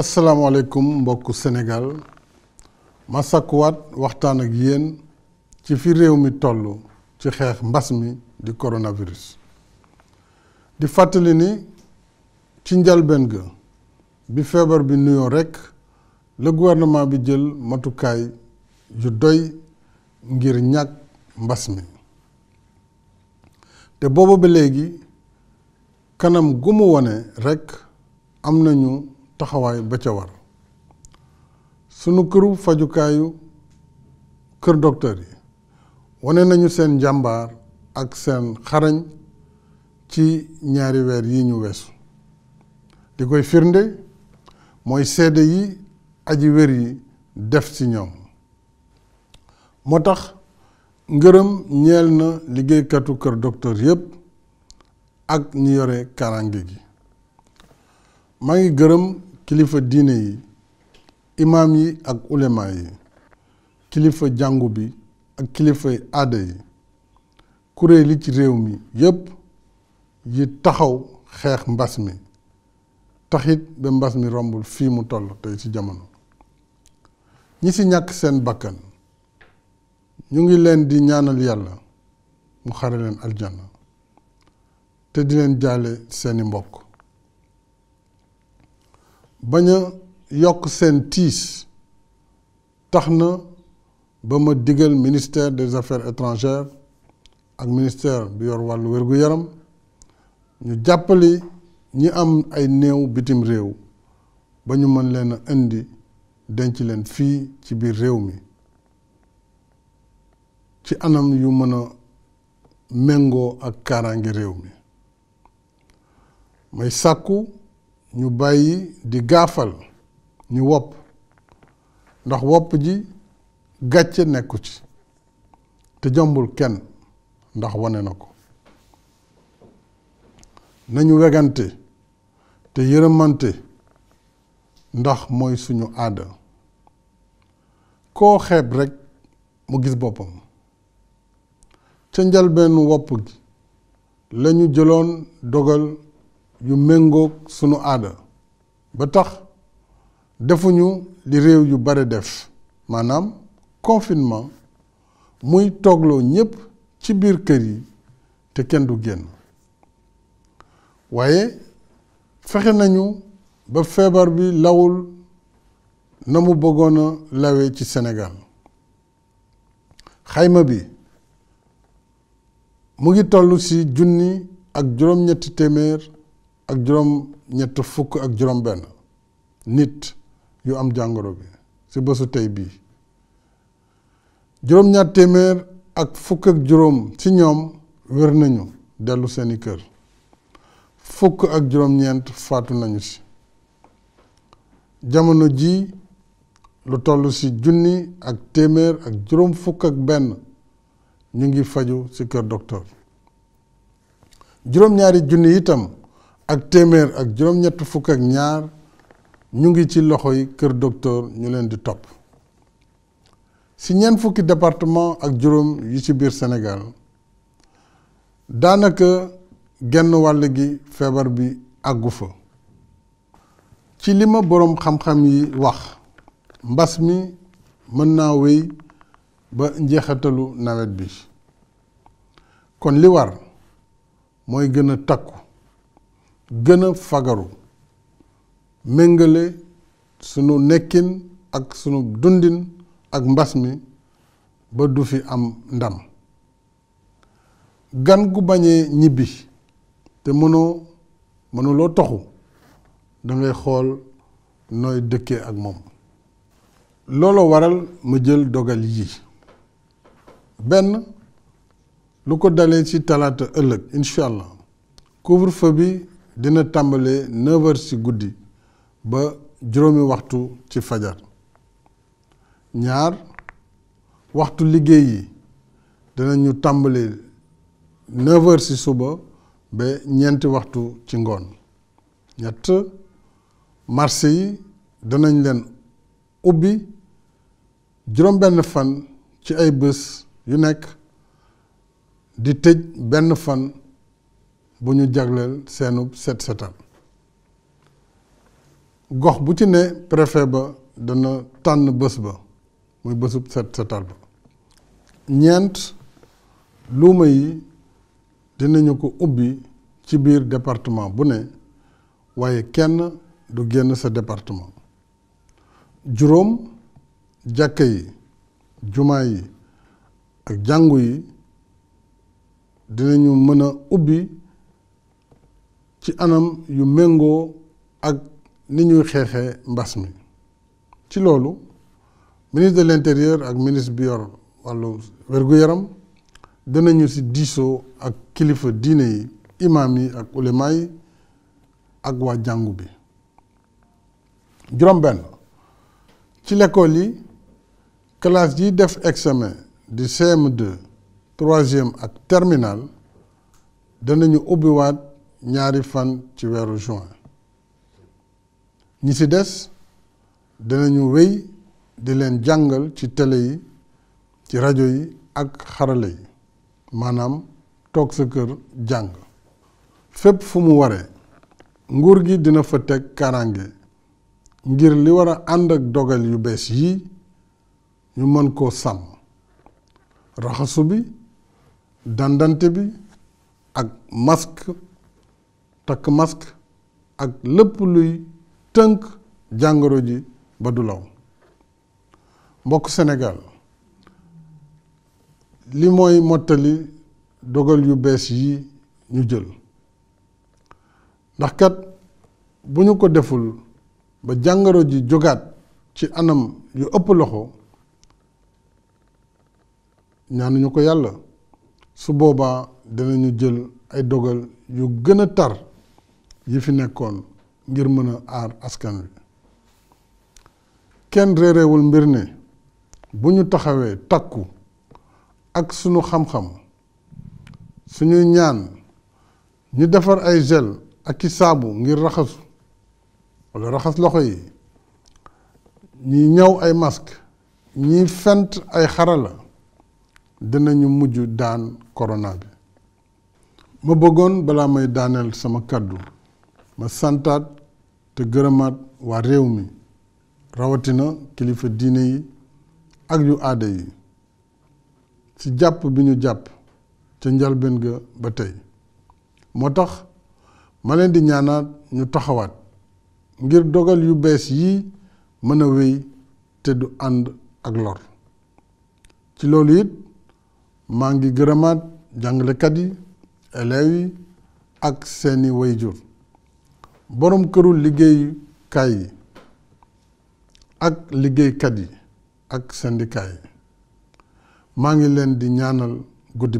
asalaamaaleykum mbokku Sénégal ma sakkuwaat waxtaan ak yéen ci fi réew mi tollu ci xeex mbas mi di coronavirus di fàttali ni ci njalbeen ga bi feebar bi nuyoo rekk la gouvernement bi jël matukaay yu doy ngir ñàkk mbas mi te booba ba léegi kanam gu mu wone rekk am nañu taxawaay ba ca war sunu këru fajukaayu kër docteur yi wane nañu seen njàmbaar ak seen xarañ ci ñaari weer yi ñu weesu li koy firnde mooy sedd yi aji wér yi def ci ñoom moo tax ngërëm ñeel na liggéeykatu kër docteur yépp ak ñi yore karange gi maa ngi gërëm kilifa diine yi imaam yi ak ulema yi kilifa jàngu bi ak kilifay aada yi kuréel yi ci réew mi yépp yi taxaw xeex mbas mi taxit ba mbas mi rombul fii mu toll tey ci jamono ñi ci ñàkk seen bakkan ñu ngi leen di ñaanal yàlla mu xare leen te di leen jaale seeni mbokk bañ yokk seen tiis tax na ba ma digal ministère des affaires étrangères ak ministère bi yor wàllu wér yaram ñu jàppale ñi am ay néew bitim réew ba ñu mën leen a indi denc leen fii ci biir réew mi ci anam yu mën a méngoo ak kaaraange réew mi may sàkku ñu bàyyi di gaafal ñu wopp ndax wopp ji gàcce nekku ci te jombul kenn ndax wane na ko nañu wegante te yërëmante ndax mooy suñu aada koo xeeb rekk mu gis boppam ca njalbeenu wopp gi lañu jëloon dogal yu méngoog sunu aada ba tax defuñu li réew yu bare def maanaam confinement muy toogloo ñépp ci biir kër yi te kenn du génn waaye fexe nañu ba feebar bi lawul na mu bëggoona lawe ci Sénégal xayma bi mu ngi tollu ci junni ak juróom-ñetti téeméer ak juróom ñett fukk ak juróom benn nit yu am jàngoro bi ci bésu tey bii juróom ñaar téeméer ak fukk ak juróom ci ñoom wér nañu dellu seeni kër fukk ak juróom-ñeent faatu nañu ci jamono ji lu toll ci junni ak téeméer ak juróom fukk ak benn ñu ngi faju ci kër docteur juróom-ñaari junni itam ak téeméer ak juróom-ñett fukk ak ñaar ñu ngi ci loxo yi kër docteur ñu leen di topp ci ñeent fukki département ak juróom yi ci biir Sénégal daanaka genn wàll gi feebar bi àggu fa ci lima boroom xam-xam yi wax mbas mi mën naa wéy ba njeexatalu nawet bi kon li war mooy gën a takku gën fagaru méngale sunu nekkin ak sunu dundin ak mbas mi ba du fi am ndam gan gu bañee ñibbi te mënoo mënuloo toxu dangay xool nooy dëkke ak moom looloo waral ma jël dogal yi benn lu ko dalee ci talaata ëllëg incha allah couvre dina tàmbale neuf heures guddi ba juróomi waxtu ci fajar ñaar waxtu liggéey yi dinañu tàmbale neuf heures ci suba ba ñeenti waxtu ci ngoon ñett marché yi danañ leen ubbi juróom-benn fan ci ay bés yu nekk di tëj benn fan bu ñu jagleel seenub set setal gox bu ci ne préfet ba dana tànn bés ba muy bésub set setal ba ñeent luuma yi dinañu ko ubbi ci biir département bu ne waaye kenn du génn sa département juróom jàkka yi jumaa yi ak jàngu yi dinañu mën a ubbi ci anam yu méngoo ak ni ñuy xeexee mbas mi ci loolu ministre de l'intérieur ak ministre bi yor wàllu wér-gu-yaram danañu ci diisoo ak kilifa diine yi imaam yi ak ulema yi ak waa jàngu bi juróom-benn ci lekkool yi classe yi def examen di CM2 troisième ak terminal danañu ubbiwaat ñaari fan ci weeru juin ñi ci des dinañu wéy di leen jàngal ci télé yi ci rajo yi ak xarala yi maanaam toog sa kër jàng fépp fu mu waree nguur gi dina fa teg kaaraange ngir li war a ànd ak dogal yu bees yii ñu mën koo sàmm raxasu bi dandante bi ak masque takk masque ak lépp luy tënk jàngoro ji ba du law mbokk Sénégal li mooy mottali dogal yu bees yi ñu jël ndax kat bu ñu ko deful ba jàngoro ji jógaat ci anam yu ëpp loxo ñaanuñu ko yàlla su boobaa dinañu jël ay dogal yu gën a tar yi fi nekkoon ngir mën a aar askan wi kenn réeréewul mbir ni bu ñu taxawee takku ak sunu xam-xam suñuy ñaan ñu defar ay gel ak i saabu ngir raxasu wala raxas loxo yi ñi ñaw ay masque ñi fent ay xarala dinañu mujj daan corona bi ma bëggoon balaa may daaneel sama kàddu ma santaat te gërëmaat waa réew mi rawatina kilifa diine yi ak yu aada yi ci jàpp bi ñu jàpp ca njalbeen ga ba tey moo tax ma leen di ñaanaat ñu taxawaat ngir dogal yu bees yii mën a wéy te du ànd ak lor ci loolu it maa ngi gërëmaat jàngalekat yi élèves yi ak seeni wayjur borom këru kaay yi ak liggéeykat yi ak sendikaay yi maa ngi leen di ñaanal guddi